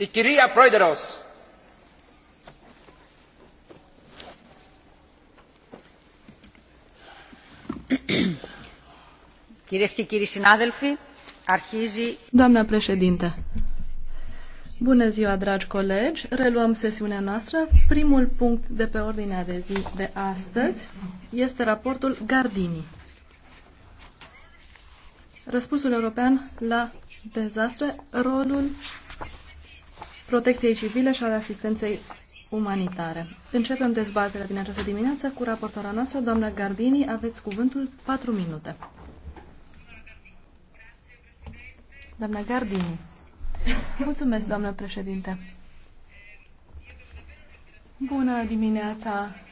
Η κυρία Πρόεδρος. Κυρίες και κύριοι συνάδελφοι, αρχίζει... Doamna bună ziua, dragi colegi. Reluăm sesiunea noastră. Primul punct de pe ordinea de zi de astăzi este raportul Gardini. Răspunsul european la dezastre, rolul protecției civile și ale asistenței umanitare. Începem dezbaterea din această dimineață cu raportora noastră, doamna Gardini. Aveți cuvântul 4 minute. Doamna Gardini. Mulțumesc, doamnă președinte. Bună dimineața